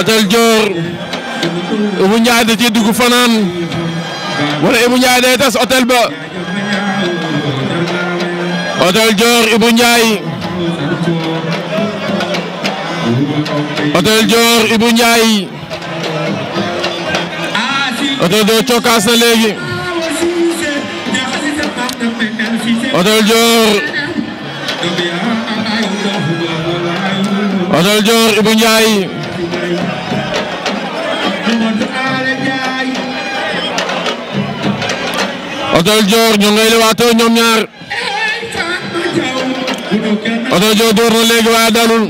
Batel Dior Ibou Ndiaye da ciy dugg fanaan wala Ibou Ndiaye day tas hôtel ba hôtel Dior Ibou Ndiaye hôtel Dior Ibou Ndiaye hôtel Dior cokkaas na léegi hôtel Dior hôtel Dior Ibou Ndiaye Hôtel Dior ñoo ngay lewaatoo ñoom ñaar Hôtel Dior door na léegi waaye dalul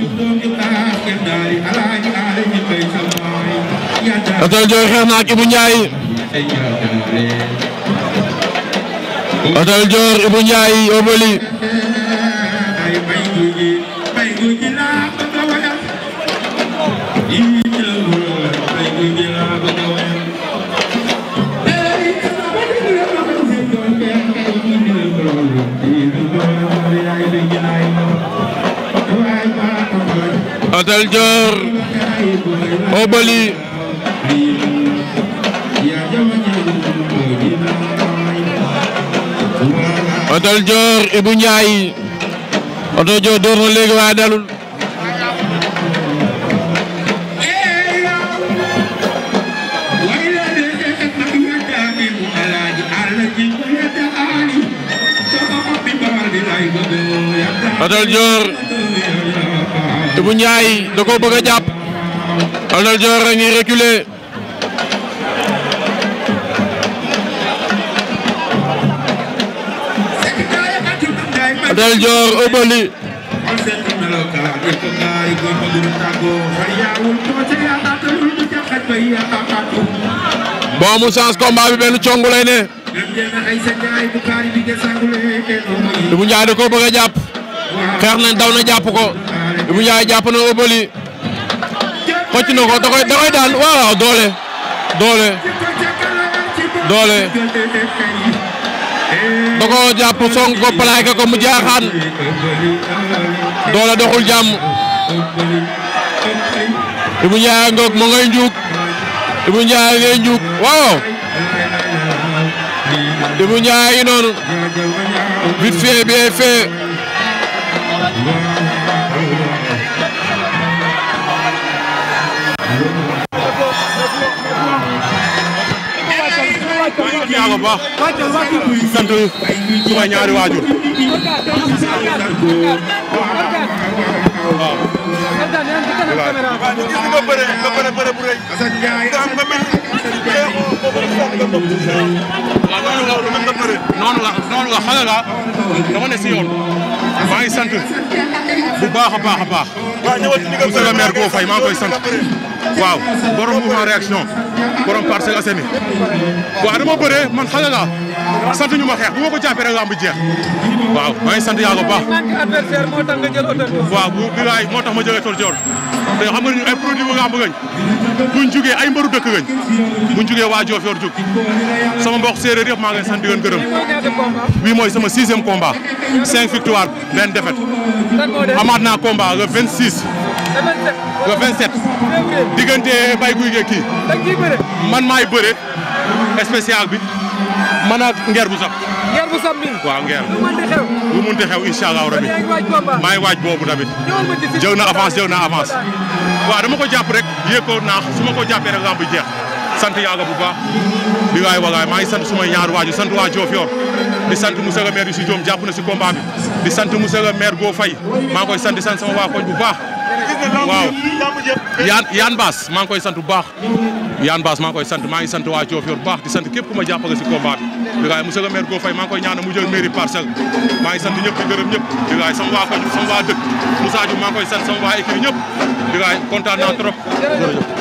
Hôtel Dior xeex na ak Ibou Ndiaye Hôtel Dior Ibou Ndiaye Obali Batel Dior Obali Batel Dior Ibou Ndiaye Batel Dior door na léegi waaye dalul Batel Dior Ibou Ndiaye bëgg a jàpp Arnold Dior a ngi reculer mu sens combat bi benn congu lay ne da bëgg a jàpp xeex nañ daw na jàpp ko Ibou Ndiaye jàpp na Obeuly xocc na ko da koy da koy daan waaw doole doole doole da ko jàpp song ko plaqué ko mu jaaxaan doole doxul jàmm Ibou Ndiaye ngoog mo ngay njuug Ibou Ndiaye ngay njuug waaw Ibou Ndiaye yi noonu vite fait bien sant yàlla bu baax. di sant suma ñaari waajur. waaw. waaw noonu la noonu la xale la dama ne si yoon. maa ngi sant bu baax a baax a baax. monsieur le maire Go Faye maa ngi koy sant. waaw borom mouvement réaction borom Parcelles Assainies waaw dama bëree man xale laa sant ñu ma xeex bu ma ko jàppee rek lamb jeex waaw maa sant yàlla bu baax. waaw bu bilaay moo tax ma jëlee tool joor te xam nga ay produit bu nga xam ngañ jugee ay mbaru dëkk ngañ buñ jugee waa Diofior jug sama mbokk séeréer yëpp maa ngi sant di leen gërëm bii mooy sama sixième combat cinq victoire benn défaite amaat naa combat le 26 le 27 diggante bay guy gee kii man maay bëre spécial bi man ak ngeer bu sab ngeer bu sab mi waaw ngeer lu mënti xew lu mënti xew maa ngi waaj boobu tamit jëw na avance jëw na avance waa dama ko jàpp rek yéeg ko naax su ma ko jàppee rek lamb jeex sant yàlla bu baax di waay walaay maa ngi sant sumay ñaar waaju sant waa Diofior di sant monsieur le maire Youssou Diom jàpp na si combat bi di sant monsieur le maire Go Faye maa ngi koy sant di sant sama waa koñ bu baax waaw yaan yaan baas maa ngi koy sant bu baax yaan baas maa ngi sant maa ngi sant waa Diofior bu baax di sant képp ku ma jàppale si combat bi di gaay monsieur le maire Go Faye maa ngi koy ñaanal mu jël mairie parcelle maa ngi sant ñëpp di gërëm ñëpp di gaay sama waa koñ sama waa dëkk Moussa Diouf maa ngi sant sama waa équipe ñëpp di gaay kontaan naa trop